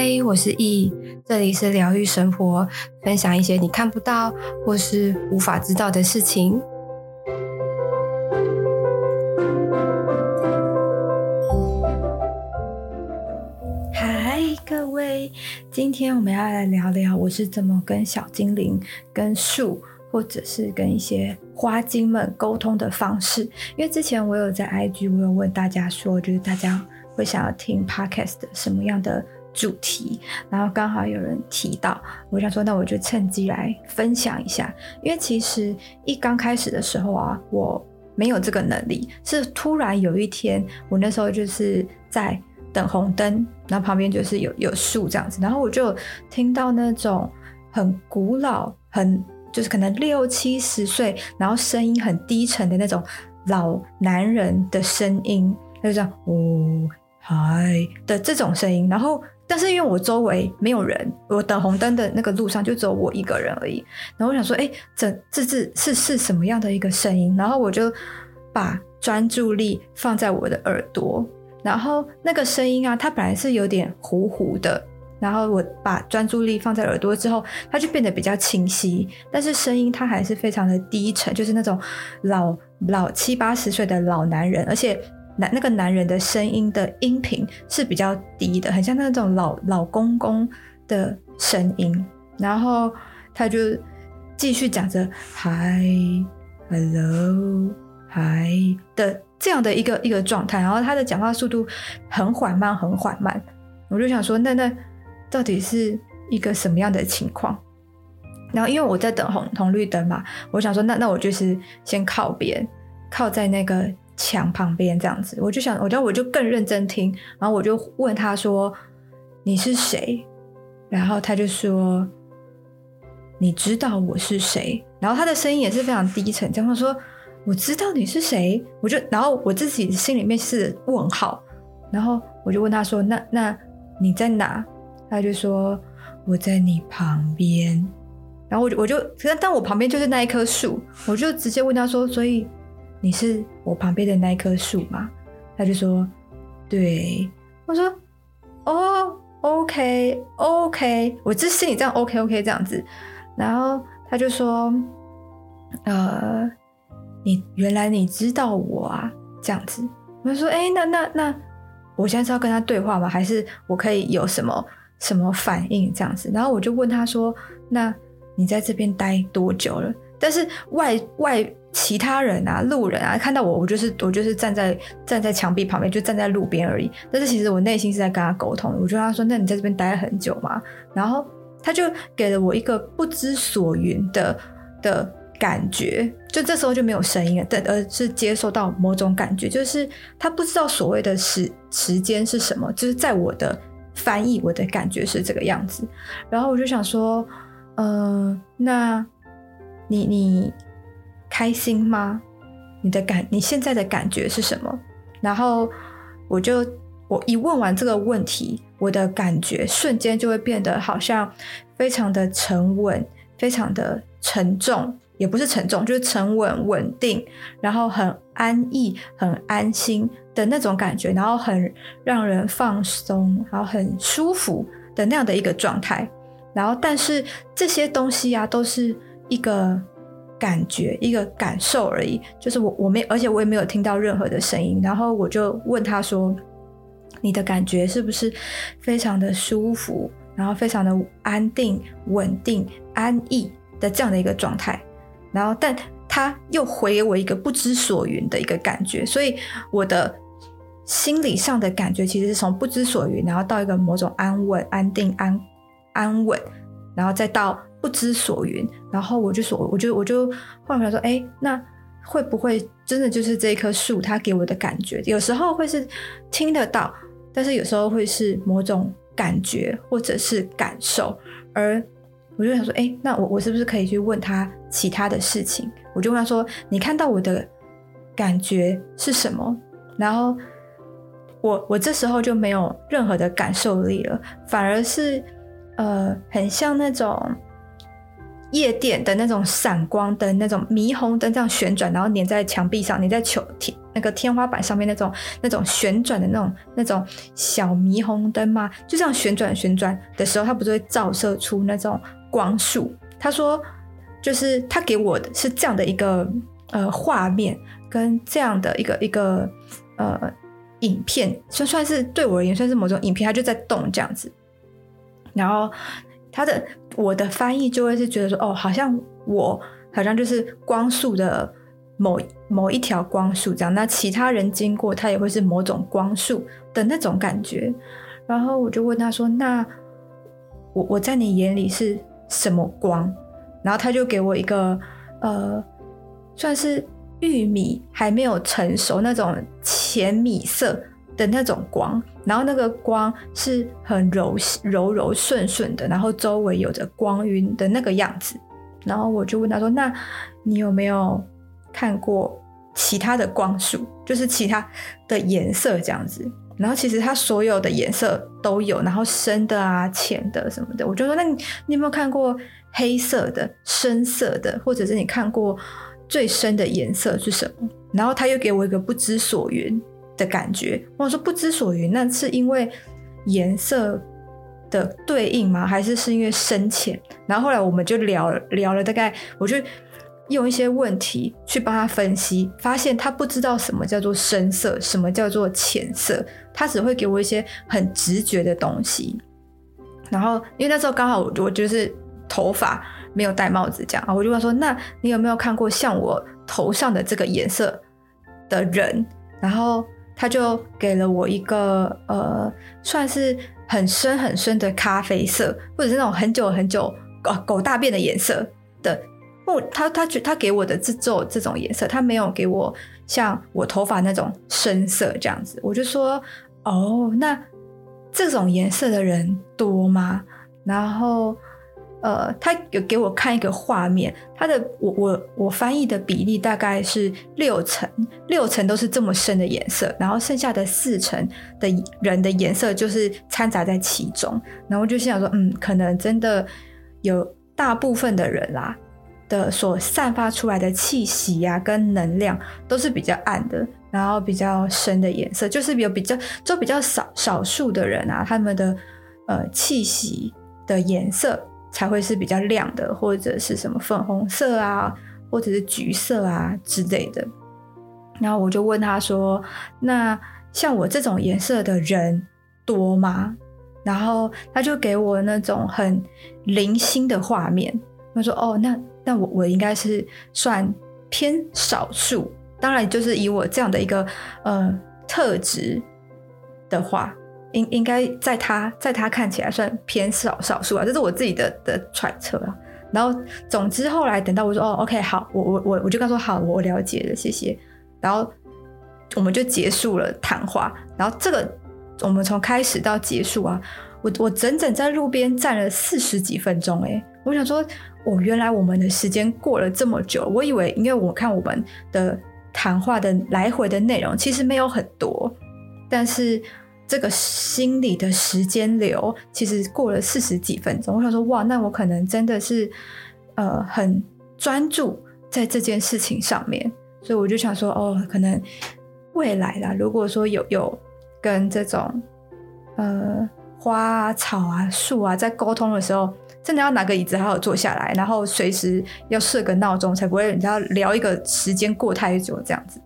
嗨，我是易，這裡是療癒生活，分享一些你看不到或是無法知道的事情。嗨，各位，今天我們要來聊聊我是怎麼跟小精靈、跟樹，或者是跟一些花精們溝通的方式。因為之前我有在 IG，我有問大家說，就是大家會想要聽 podcast 的什麼樣的？主題，然後剛好有人提到，我想說，那我就趁機來分享一下。因為其實一剛開始的時候啊，我沒有這個能力。是突然有一天，我那時候就是在等紅燈，然後旁邊就是有有樹這樣子，然後我就聽到那種很古老、很就是可能六七十歲，然後聲音很低沉的那種老男人的聲音，就是這樣，哦嗨的這種聲音，然後。但是因為我周圍沒有人，我等紅燈的那個路上就只有我一個人而已。然後我想說，誒，這這這，是是什麼樣的一個聲音？然後我就把專注力放在我的耳朵，然後那個聲音啊，它本來是有點糊糊的，然後我把專注力放在耳朵之後，它就變得比較清晰。但是聲音它還是非常的低沉，就是那種老老七八十歲的老男人，而且。男那個男人的聲音的音頻是比較低的，很像那種老老公公的聲音。然後他就繼續講着 “hi hello hi” 的這樣的一個一個狀態。然後他的講話速度很緩慢，很緩慢。我就想說，那那到底是一個什麼樣的情況？然後因為我在等紅紅綠燈嘛，我想說那，那那我就是先靠邊，靠在那個。牆旁邊這樣子，我就想，我覺得我就更認真聽，然後我就問他說：“你是誰？”然後他就說：“你知道我是誰？”然後他的聲音也是非常低沉，這樣說：“我知道你是誰。”我就，然後我自己的心裡面是問號，然後我就問他說：“那那你在哪？”他就說：“我在你旁邊。”然後我就我就，但但我旁邊就是那一棵樹，我就直接問他說：“所以。”你是我旁邊的那棵樹嗎？他就說：“對。”我說：“哦，OK，OK，、okay, okay、我支持你這樣 OK，OK、okay, okay、這樣子。”然後他就說：“呃，你原來你知道我啊？”這樣子，我就說：“哎、欸，那那那，我現在是要跟他對話嗎？還是我可以有什麼什麼反應這樣子？”然後我就問他說：“那你在這邊待多久了？”但是外外。其他人啊，路人啊，看到我，我就是我就是站在站在牆壁旁邊，就站在路邊而已。但是其實我內心是在跟他溝通的。我就跟他說：“那你在這邊待了很久嘛？”然後他就給了我一個不知所云的的感覺，就這時候就沒有聲音了，但而是接受到某種感覺，就是他不知道所謂的時時間是什麼，就是在我的翻譯，我的感覺是這個樣子。然後我就想說：“嗯、呃，那你你。”開心嗎？你的感，你現在的感覺是什麼？然後我就，我一問完這個問題，我的感覺瞬間就會變得好像非常的沉穩，非常的沉重，也不是沉重，就是沉穩、穩定，然後很安逸、很安心的那種感覺，然後很讓人放鬆，然後很舒服的那樣的一個狀態。然後，但是這些東西啊，都是一個。感覺一個感受而已，就是我我沒，而且我也沒有聽到任何的聲音，然後我就問他說：“你的感覺是不是非常的舒服，然後非常的安定、穩定、安逸的這樣的一個狀態？”然後，但他又回給我一個不知所云的一個感覺，所以我的心理上的感覺其實是從不知所云，然後到一個某種安穩、安定、安安穩，然後再到。不知所云，然後我就說，我就我就換回來說，哎、欸，那會不會真的就是這棵樹？它給我的感覺，有時候會是聽得到，但是有時候會是某種感覺或者是感受。而我就想說，哎、欸，那我我是不是可以去問他其他的事情？我就問他說：“你看到我的感覺是什麼？”然後我我這時候就沒有任何的感受力了，反而是呃，很像那種。夜店的那種閃光燈、那種霓虹燈這樣旋轉，然後粘在牆壁上，粘在球天那個天花板上面那種那種旋轉的那種那種小霓虹燈嗎？就這樣旋轉旋轉的時候，它不是會照射出那種光束？他說，就是他給我的是這樣的一個呃畫面，跟這樣的一個一個呃影片，算算是對我而言算是某種影片，它就在動這樣子，然後。他的我的翻譯就會是覺得說哦，好像我好像就是光束的某某一條光束這樣，那其他人經過他也會是某種光束的那種感覺。然後我就問他說：“那我我在你眼裡是什麼光？”然後他就給我一個呃，算是玉米還沒有成熟那種淺米色的那種光。然後那個光是很柔柔柔順順的，然後周圍有着光暈的那個樣子。然後我就問他說：“那你有沒有看過其他的光束？就是其他的顏色這樣子？”然後其實他所有的顏色都有，然後深的啊、淺的什麼的。我就說：“那你你有沒有看過黑色的、深色的，或者是你看過最深的顏色是什麼？”然後他又給我一個不知所云的感覺，我說不知所云，那是因為顏色的對應嗎？還是是因為深淺？然後後來我們就聊聊了，大概我就用一些問題去幫他分析，發現他不知道什麼叫做深色，什麼叫做淺色，他只會給我一些很直覺的東西。然後因為那時候剛好我就是頭髮沒有戴帽子，這樣啊，我就問說：“那你有沒有看過像我頭上的這個顏色的人？”然後。他就給了我一個呃，算是很深很深的咖啡色，或者是那種很久很久狗，狗大便的顏色的。他他，他給我的制作這種顏色，他沒有給我像我頭髮那種深色這樣子。我就說，哦，那這種顏色的人多嗎？然後。呃，他有給我看一個畫面，他的我我我翻譯的比例大概是六成，六成都是這麼深的顏色，然後剩下的四成的人的顏色就是摻雜在其中，然後我就心想說，嗯，可能真的有大部分的人啦、啊、的所散發出來的氣息呀、啊，跟能量都是比較暗的，然後比較深的顏色，就是有比較就比較少少數的人啊，他們的呃氣息的顏色。才會是比較亮的，或者是什麼粉紅色啊，或者是橘色啊之類的。然後我就問他說：“那像我這種顏色的人多嗎？”然後他就給我那種很零星的畫面。他說：“哦，那那我我應該是算偏少數，當然就是以我這樣的一個呃特質的話。”應應該在他在他看起來算偏少少數啊，這是我自己的，的揣測啊。然後總之後來等到我說哦，OK，好，我我我我就跟他說好，我了解了，謝謝。然後我們就結束了談話。然後這個我們從開始到結束啊，我我整整在路邊站了四十幾分鐘，欸。哎，我想說，哦，原來我們的時間過了這麼久。我以為因為我看我們的談話的來回的內容其實沒有很多，但是。這個心理的時間流其實過了四十幾分鐘，我想說哇，那我可能真的是呃很專注在這件事情上面，所以我就想說哦，可能未來啦，如果說有有跟這種呃花草啊樹啊在溝通的時候，真的要拿個椅子好好坐下來，然後隨時要設個鬧鐘，才不會人家聊一個時間過太久這樣子。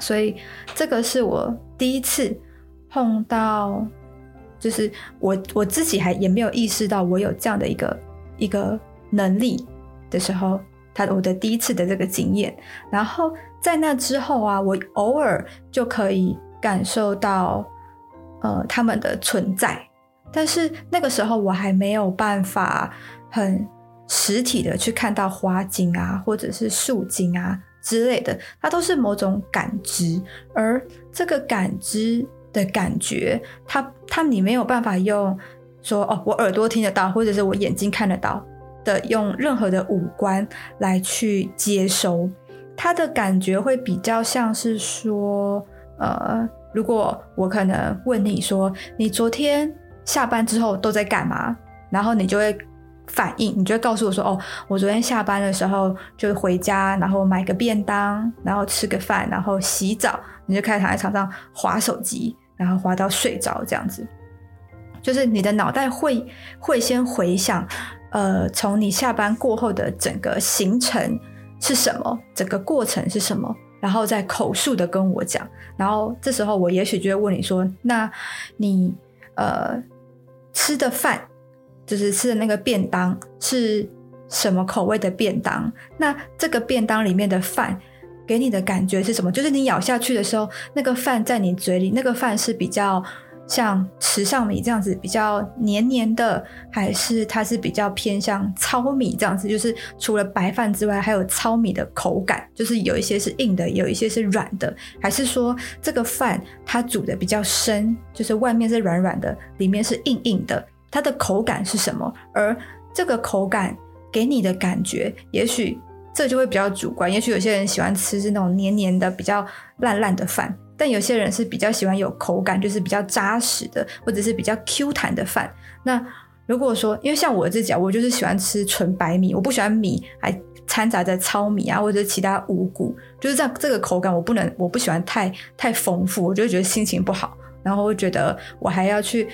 所以這個是我第一次。碰到，就是我我自己還也沒有意識到我有這樣的一個一個能力的時候，他我的第一次的這個經驗。然後在那之後啊，我偶爾就可以感受到，呃，他們的存在。但是那個時候我還沒有辦法很實體的去看到花精啊，或者是樹精啊之類的，它都是某種感知，而這個感知。的感覺，他他你沒有辦法用說，哦，我耳朵聽得到，或者是我眼睛看得到的，用任何的五官來去接收他的感覺，會比較像是說，呃，如果我可能問你說，你昨天下班之後都在幹嘛？然後你就會反應，你就會告訴我說，哦，我昨天下班的時候就回家，然後買個便當，然後吃個飯，然後洗澡，你就開始躺在床上滑手機。然後滑到睡着這樣子，就是你的腦袋會會先回想，呃，從你下班過後的整個行程是什麼，整個過程是什麼，然後再口述的跟我講。然後這時候我也許就會問你說：“那你呃吃的飯，就是吃的那個便當是什麼口味的便當？那這個便當裡面的飯？”給你的感覺是什麼？就是你咬下去的時候，那個飯在你嘴裡，那個飯是比較像時尚米這樣子比較黏黏的，還是它是比較偏向糙米這樣子？就是除了白飯之外，還有糙米的口感，就是有一些是硬的，有一些是軟的，還是說這個飯它煮得比較深，就是外面是軟軟的，裡面是硬硬的，它的口感是什麼？而這個口感給你的感覺，也許。這就會比較主觀，也許有些人喜歡吃是那種黏黏的，比較爛爛的飯，但有些人是比較喜歡有口感，就是比較紮實的，或者是比較 Q 彈的飯。那如果說，因為像我自己啊，我就是喜歡吃純白米，我不喜歡米還摻雜着糙米啊，或者其他五穀，就是這這個口感我不能，我不喜歡太太豐富，我就會覺得心情不好，然後我覺得我還要去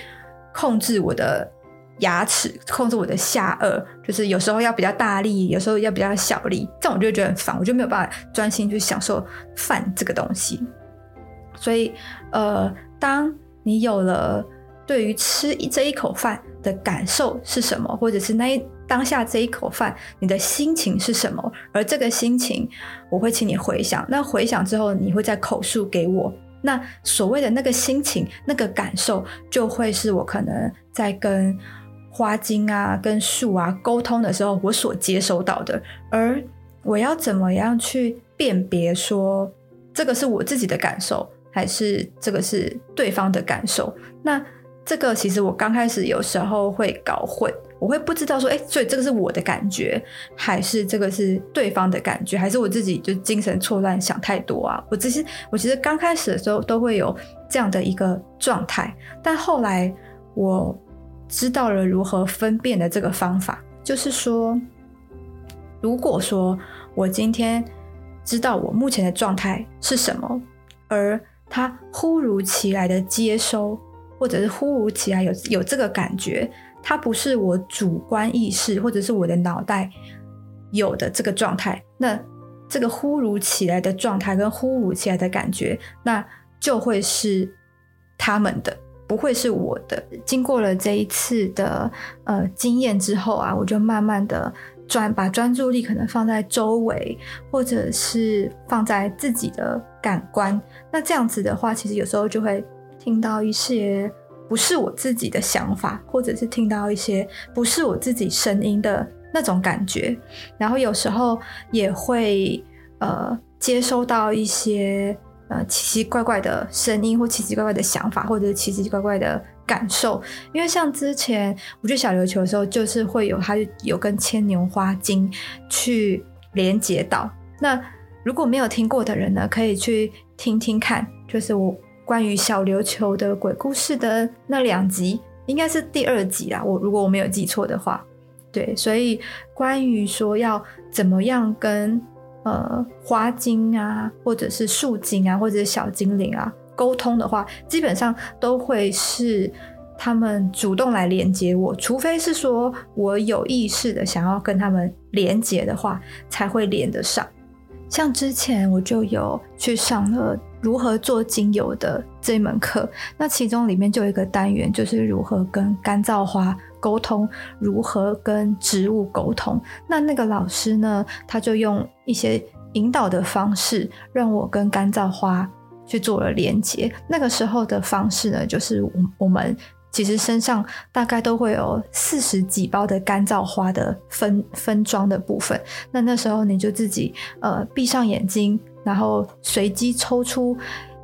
控制我的。牙齒控制我的下顎，就是有時候要比較大力，有時候要比較小力，這種我就覺得很煩，我就沒有辦法專心去享受飯這個東西。所以，呃，當你有了對於吃這一口飯的感受是什麼，或者是那當下這一口飯你的心情是什麼，而這個心情，我會請你回想，那回想之後你會再口述給我，那所謂的那個心情、那個感受，就會是我可能在跟。花精啊，跟樹啊溝通的時候，我所接收到的，而我要怎麼樣去辨別說，這個是我自己的感受，還是這個是對方的感受？那這個其實我剛開始有時候會搞混，我會不知道說，哎、欸，所以這個是我的感覺，還是這個是對方的感覺，還是我自己就精神錯亂想太多啊？我只是我其實剛開始的時候都會有這樣的一個狀態，但後來我。知道了如何分辨的這個方法，就是說，如果說我今天知道我目前的狀態是什麼，而他忽如其來的接收，或者是忽如其來有有這個感覺，它不是我主觀意識或者是我的腦袋有的這個狀態，那這個忽如其來的狀態跟忽如其來的感覺，那就會是他們的。不會是我的。經過了這一次的呃經驗之後啊，我就慢慢的專把專注力可能放在周圍，或者是放在自己的感官。那這樣子的話，其實有時候就會聽到一些不是我自己的想法，或者是聽到一些不是我自己聲音的那種感覺。然後有時候也會呃接收到一些。呃，奇奇怪怪的聲音，或奇奇怪怪的想法，或者奇奇怪怪的感受，因為像之前我去小琉球的時候，就是會有它，有跟牽牛花精去連接到。那如果沒有聽過的人呢，可以去聽聽看，就是我關於小琉球的鬼故事的那兩集，應該是第二集啦，我如果我沒有記錯的話，對。所以關於說要怎麼樣跟。呃，花精啊，或者是樹精啊，或者小精靈啊，溝通的話，基本上都會是他們主動來連接我，除非是說我有意識的想要跟他們連接的話，才會連得上。像之前我就有去上了。如何做精油的這一門課，那其中裡面就有一個單元，就是如何跟乾燥花溝通，如何跟植物溝通。那那個老師呢，他就用一些引導的方式，讓我跟乾燥花去做了連接。那個時候的方式呢，就是我，我們其實身上大概都會有四十幾包的乾燥花的分分裝的部分。那那時候你就自己呃閉上眼睛。然後隨機抽出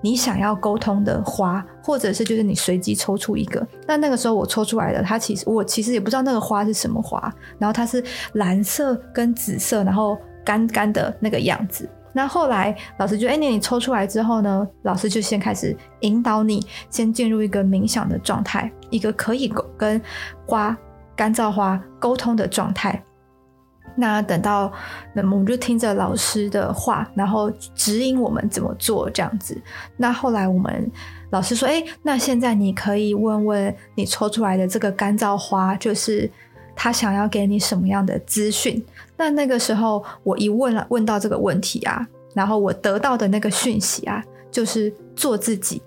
你想要溝通的花，或者是就是你隨機抽出一個。那那個時候我抽出來的，它，其實我其實也不知道那個花是什麼花。然後它是藍色跟紫色，然後乾乾的那個樣子。那後來老師就哎、欸，你抽出來之後呢，老師就先開始引導你先進入一個冥想的狀態，一個可以跟花、乾燥花溝通的狀態。那等到，那麼我們就聽着老師的話，然後指引我們怎麼做這樣子。那後來我們老師說：“誒，那現在你可以問問你抽出來的這個乾燥花，就是他想要給你什麼樣的資訊。”那那個時候我一問了，問到這個問題啊，然後我得到的那個訊息啊，就是做自己。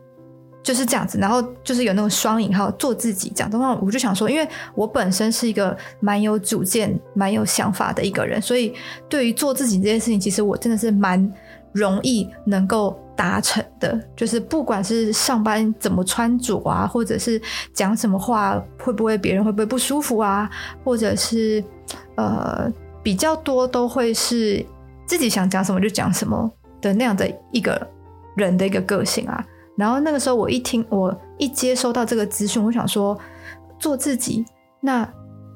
就是這樣子，然後就是有那種雙引號做自己這樣的話，我就想說，因為我本身是一個蠻有主見、蠻有想法的一個人，所以對於做自己這件事情，其實我真的是蠻容易能夠達成的。就是不管是上班怎麼穿着啊，或者是講什麼話，會不會別人，會不會不舒服啊，或者是呃比較多都會是自己想講什麼就講什麼的那樣的一個人的一個個性啊。然後那個時候我一聽，我一接收到這個資訊，我想說，做自己，那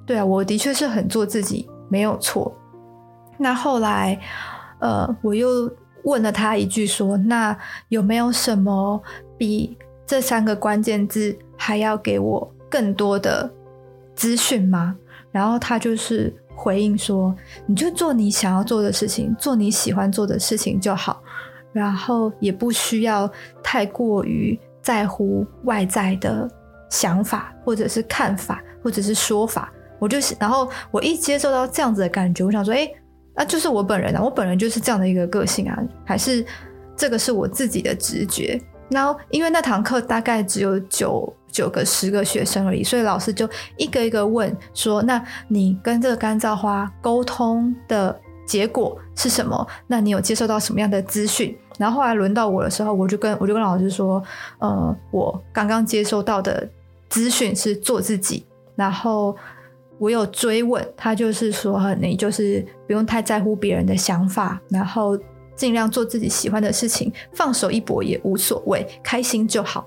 對啊，我的確是很做自己，沒有錯。那後來，呃，我又問了他一句說，說那有沒有什麼比這三個關鍵字還要給我更多的資訊嗎？然後他就是回應說，你就做你想要做的事情，做你喜歡做的事情就好。然後也不需要太過於在乎外在的想法，或者是看法，或者是說法。我就然後我一接受到這樣子的感覺，我想說，哎，那、啊、就是我本人啊，我本人就是這樣的一個個性啊，還是這個是我自己的直覺。然後因為那堂課大概只有九九個、十個學生而已，所以老師就一個一個問說：“那你跟這個乾燥花溝通的結果是什麼？那你有接受到什麼樣的資訊？”然後後來輪到我的時候，我就跟我就跟老師說，呃，我剛剛接收到的資訊是做自己。然後我有追問，他就是說你就是不用太在乎別人的想法，然後盡量做自己喜歡的事情，放手一搏也無所謂，開心就好。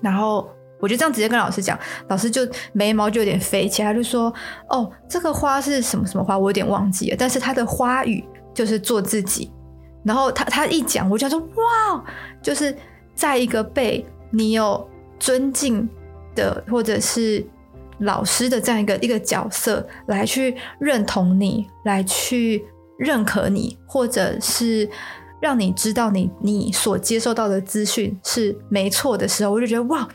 然後我就這樣直接跟老師講，老師就眉毛就有點飛起來，他就說哦，這個花是什麼什麼花，我有點忘記了，但是它的花語就是做自己。然後他他一講，我就想說哇，就是在一個被你有尊敬的或者是老師的這樣一個一個角色來去認同你，來去認可你，或者是讓你知道你你所接受到的資訊是沒錯的時候，我就覺得哇，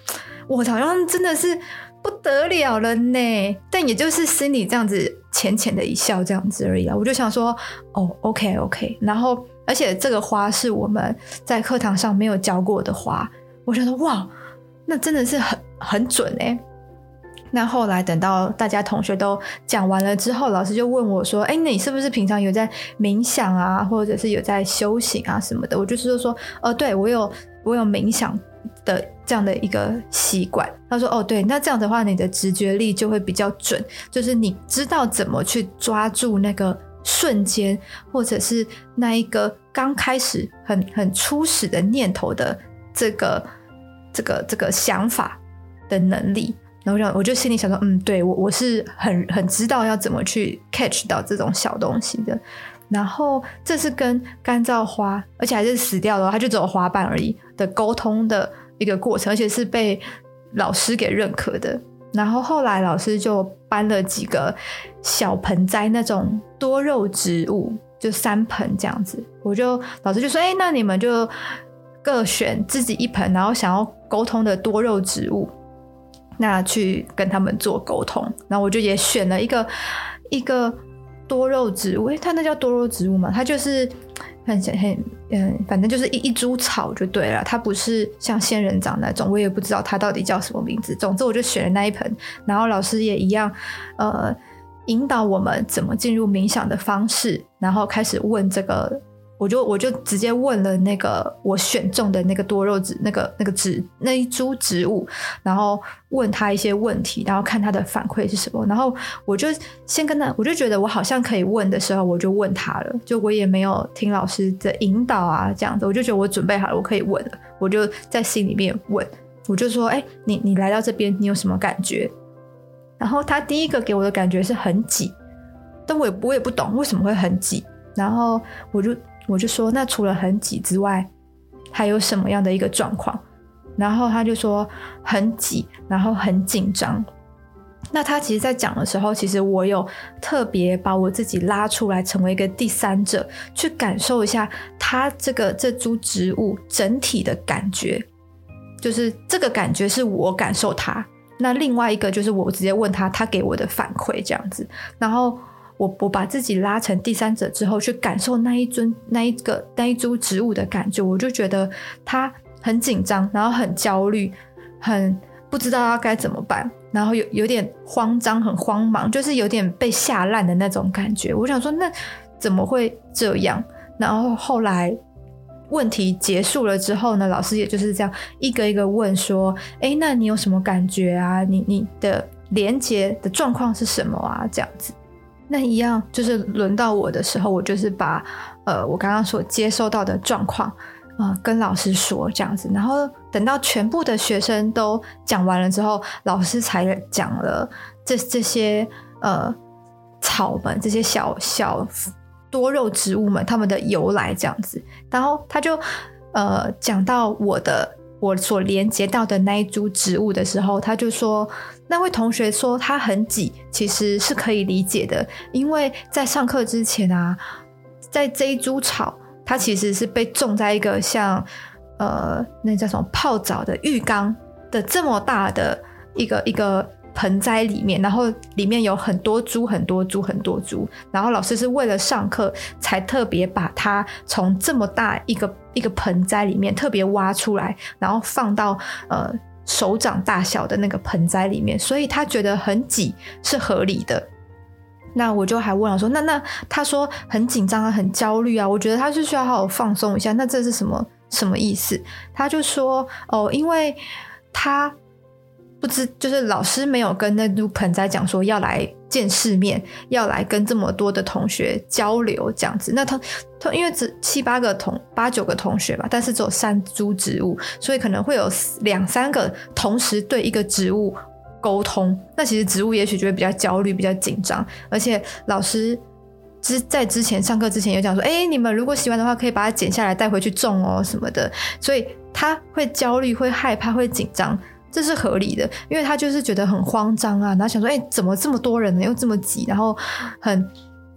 我好像真的是不得了了呢。但也就是心裡這樣子淺淺的一笑，這樣子而已啊。我就想說哦，OK OK，然後。而且這個花是我們在課堂上沒有教過的花，我想說哇，那真的是很很準欸。那後來等到大家同學都講完了之後，老師就問我說：“哎，你是不是平常有在冥想啊，或者是有在修行啊什麼的？”我就是說：“哦，對，我有我有冥想的這樣的一個習慣。”他說：“哦，對，那這樣的話你的直覺力就會比較準，就是你知道怎麼去抓住那個。”瞬間，或者是那一個剛開始很很初始的念頭的這個這個這個想法的能力，然後這樣我就心裡想說，嗯，對，我我是很很知道要怎麼去 catch 到這種小東西的。然後這是跟乾燥花，而且還是死掉的話，它就只有花瓣而已的溝通的一個過程，而且是被老師給認可的。然後後來老師就搬了幾個小盆栽，那種多肉植物，就三盆這樣子。我就老師就說：“哎，那你們就各選自己一盆，然後想要溝通的多肉植物，那去跟他們做溝通。”然後我就也選了一個一個多肉植物，欸，他那叫多肉植物嘛，他就是很很。嘿嘿嗯，反正就是一一株草就對了，它不是像仙人掌那種，我也不知道它到底叫什麼名字。總之我就選了那一盆，然後老師也一樣，呃，引導我們怎麼進入冥想的方式，然後開始問這個。我就我就直接問了那個我選中的那個多肉植那個那個植那一株植物，然後問他一些問題，然後看他的反饋是什麼。然後我就先跟他，我就覺得我好像可以問的時候，我就問他了。就我也沒有聽老師的引導啊，這樣子，我就覺得我準備好了，我可以問了。我就在心裡面問，我就說：“哎、欸，你你來到這邊，你有什麼感覺？”然後他第一個給我的感覺是很擠，但我也我也不懂為什麼會很擠。然後我就。我就說，那除了很擠之外，還有什麼樣的一個狀況？然後他就說很擠，然後很緊張。那他其實，在講的時候，其實我有特別把我自己拉出來，成為一個第三者，去感受一下他這個這株植物整體的感覺。就是這個感覺是我感受他。那另外一個就是我直接問他，他給我的反饋這樣子。然後。我我把自己拉成第三者之後，去感受那一尊、那一個、那一株植物的感覺，我就覺得他很緊張，然後很焦慮，很不知道他該怎麼辦，然後有有點慌張，很慌忙，就是有點被嚇爛的那種感覺。我想說，那怎麼會這樣？然後後來問題結束了之後呢，老師也就是這樣一個一個問說：“哎、欸，那你有什麼感覺啊？你你的連接的狀況是什麼啊？”這樣子。那一樣就是輪到我的時候，我就是把呃我剛剛所接受到的狀況啊跟老師說這樣子，然後等到全部的學生都講完了之後，老師才講了這這些呃草們這些小小多肉植物們它們的由來這樣子，然後他就呃講到我的我所連接到的那一株植物的時候，他就說。那位同學說他很擠，其實是可以理解的，因為在上課之前啊，在這一株草，它其實是被種在一個像呃那叫什麼泡澡的浴缸的這麼大的一個一個盆栽裡面，然後裡面有很多株很多株很多株，然後老師是為了上課才特別把它從這麼大一個一個盆栽裡面特別挖出來，然後放到呃。手掌大小的那個盆栽裡面，所以他覺得很擠是合理的。那我就還問了說，那那他說很緊張啊，很焦慮啊，我覺得他是需要好好放鬆一下。那這是什麼？什麼意思？他就說哦，因為他。就是老師沒有跟那株盆栽講說要來見世面，要來跟這麼多的同學交流這樣子。那他他因為只七八個同八九個同學吧，但是只有三株植物，所以可能會有兩三個同時對一個植物溝通。那其實植物也許就會比較焦慮、比較緊張。而且老師之在之前上課之前也講說，哎，你們如果喜歡的話，可以把它剪下來帶回去種哦什麼的。所以他會焦慮、會害怕、會緊張。這是合理的，因為他就是覺得很慌張啊，然後想說，誒、欸，怎麼這麼多人呢？又這麼擠，然後很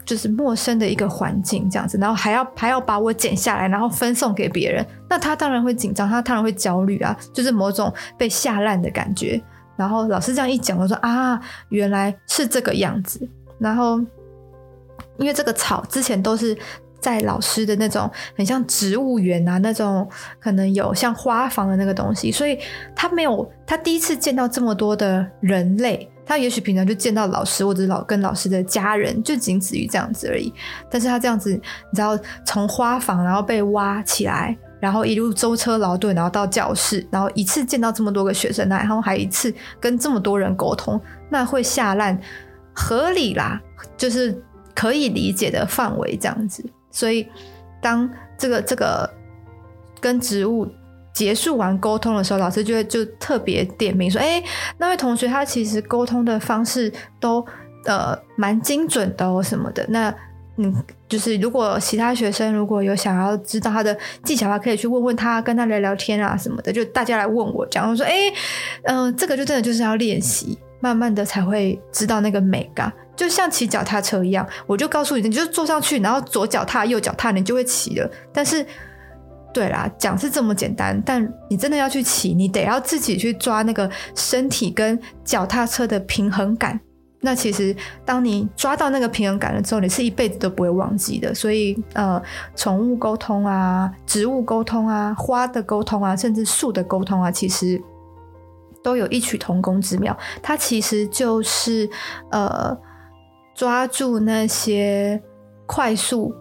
就是陌生的一個環境這樣子，然後還要還要把我剪下來，然後分送給別人，那他當然會緊張，他當然會焦慮啊，就是某種被嚇爛的感覺。然後老師這樣一講，我說啊，原來是這個樣子。然後因為這個草之前都是。在老師的那種很像植物園啊，那種可能有像花房的那個東西，所以他沒有他第一次見到這麼多的人類，他也許平常就見到老師或者老跟老師的家人，就僅止於這樣子而已。但是他這樣子，你知道，從花房然後被挖起來，然後一路舟車勞頓，然後到教室，然後一次見到這麼多個學生，然後還一次跟這麼多人溝通，那會嚇爛合理啦，就是可以理解的範圍這樣子。所以，當這個這個跟植物結束完溝通的時候，老師就會就特別點名說：“哎，那位同學他其實溝通的方式都呃蠻精準的哦什麼的。”那嗯，就是如果其他學生如果有想要知道他的技巧的話，可以去問問他，跟他聊聊天啊什麼的。就大家來問我講，我說：“哎，嗯，這個就真的就是要練習，慢慢的才會知道那個美感。”就像騎腳踏車一樣，我就告訴你，你就坐上去，然後左腳踏，右腳踏，你就會騎了。但是，對啦，講是這麼簡單，但你真的要去騎，你得要自己去抓那個身體跟腳踏車的平衡感。那其實，當你抓到那個平衡感了之後，你是一輩子都不會忘記的。所以，呃，寵物溝通啊，植物溝通啊，花的溝通啊，甚至樹的溝通啊，其實都有異曲同工之妙。它其實就是，呃。抓住那些快速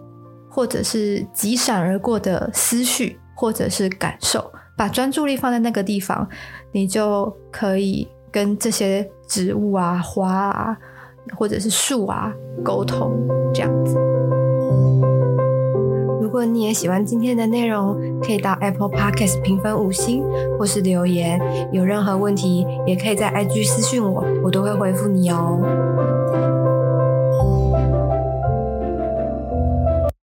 或者是急閃而過的思緒或者是感受，把專注力放在那個地方，你就可以跟這些植物啊、花啊或者是樹啊溝通。這樣子，如果你也喜歡今天的內容，可以到 Apple Podcast 評分五星或是留言。有任何問題，也可以在 IG 私訊我，我都會回復你哦。